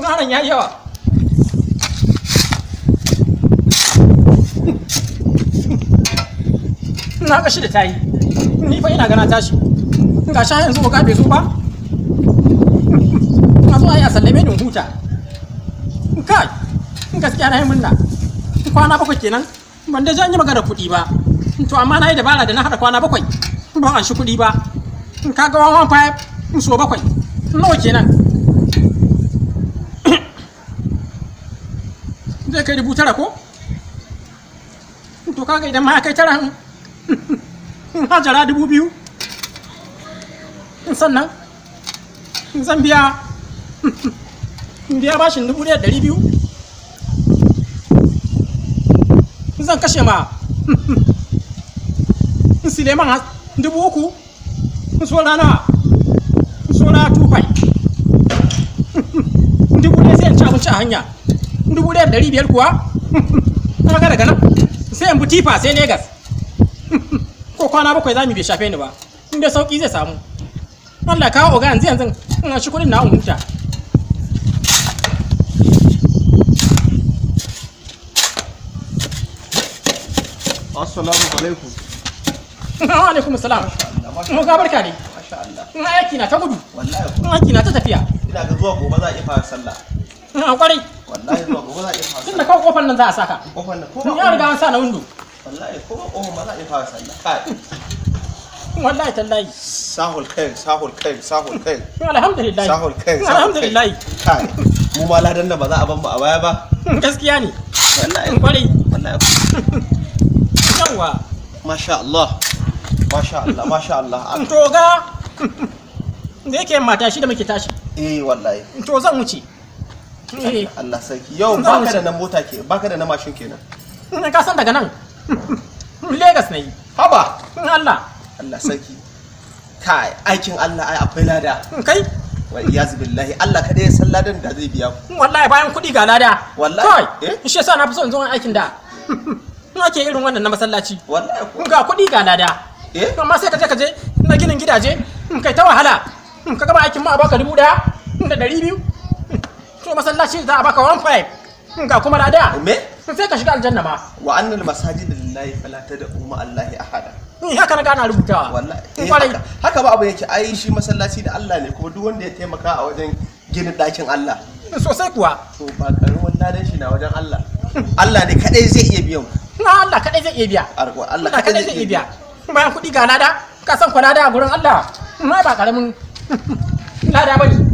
나는 야야. na ga shi da tayi ni fa ina gana tashi ga sha yanzu ba kafe su ba a zo a yi a sallame ni huta kai gaskiya na yi murna kwana bakwai kenan ban da jan yi magana kuɗi ba to amma na yi dabara da na haɗa kwana bakwai ba an shi kuɗi ba ka ga 115 so bakwai nawa kenan zai kai dubu tara ko to kaga idan ma kai tara ha jara dubu biyu sannan zan biya biya bashin dubu ɗaya dari biyu zan kashe ma suleiman dubu uku so na tufai dubu ɗaya sai in ci abinci a hanya dubu ɗaya da ɗari biyar kuwa Kuma ka daga nan sai in tifa sai legas ko kwana bakwai zamu bai shafe ni ba Inda dai sauki zai samu Allah kawo oga yanzu yanzu in shi kuɗin na huta Assalamu alaikum. Wa alaikum assalam. Mu ga barka ne. Masha Allah. Ina aiki na ta gudu. Wallahi. Ina aiki na ta tafiya. Ina ga zuwa gobe za a iya fara sallah. A ah, kwarai. wallahi zuwa gobe za a iya fara tunda kawai kofar nan za a saka kofar nan ko ba ya riga an sa na windo wallahi ko ba kofar ma za a iya fara sallah kai wallahi tallahi sahul kai sahul kai sahul kai alhamdulillah sahul kai alhamdulillah kai mu ba ladan da ba za a ban ba a baya ba gaskiya ne wallahi kwarai wallahi yawa masha Allah masha Allah masha Allah to ga da yake mata shi da muke tashi eh wallahi to zan wuce Eh. Allah sarki yau baka da na mota ke baka da na mashin kenan ka san daga nan Legas na yi haba Allah Allah sarki kai aikin Allah ai akwai lada kai waliyazu billahi Allah ka ya san ladan da zai biya ku wallahi bayan kuɗi ga lada wallahi eh shi yasa na fi son zuwa aikin da ake irin wannan na masallaci wallahi ga kuɗi ga lada eh amma sai ka je ka je na ginin gidaje kai ta wahala ka ba aikin ma a baka dubu daya da ɗari biyu zo masallaci za a baka one five hmm, ga kuma lada me sai ka shiga aljanna ma wa annal masajid lillahi fala tad'u ma allahi ahada ni hmm, haka na gana rubutawa wallahi eh, hmm, haka ba abu yake ai shi masallaci da Allah ne kuma duk wanda ya taimaka a wajen gina dakin Allah sosai kuwa to ba karamin dan shi na wajen Allah Allah ne kadai zai iya biyan na Allah kadai zai iya biya Allah kadai zai iya biya bayan kuɗi ga nada ka san kwana da gurin Allah na ba karamin lada bane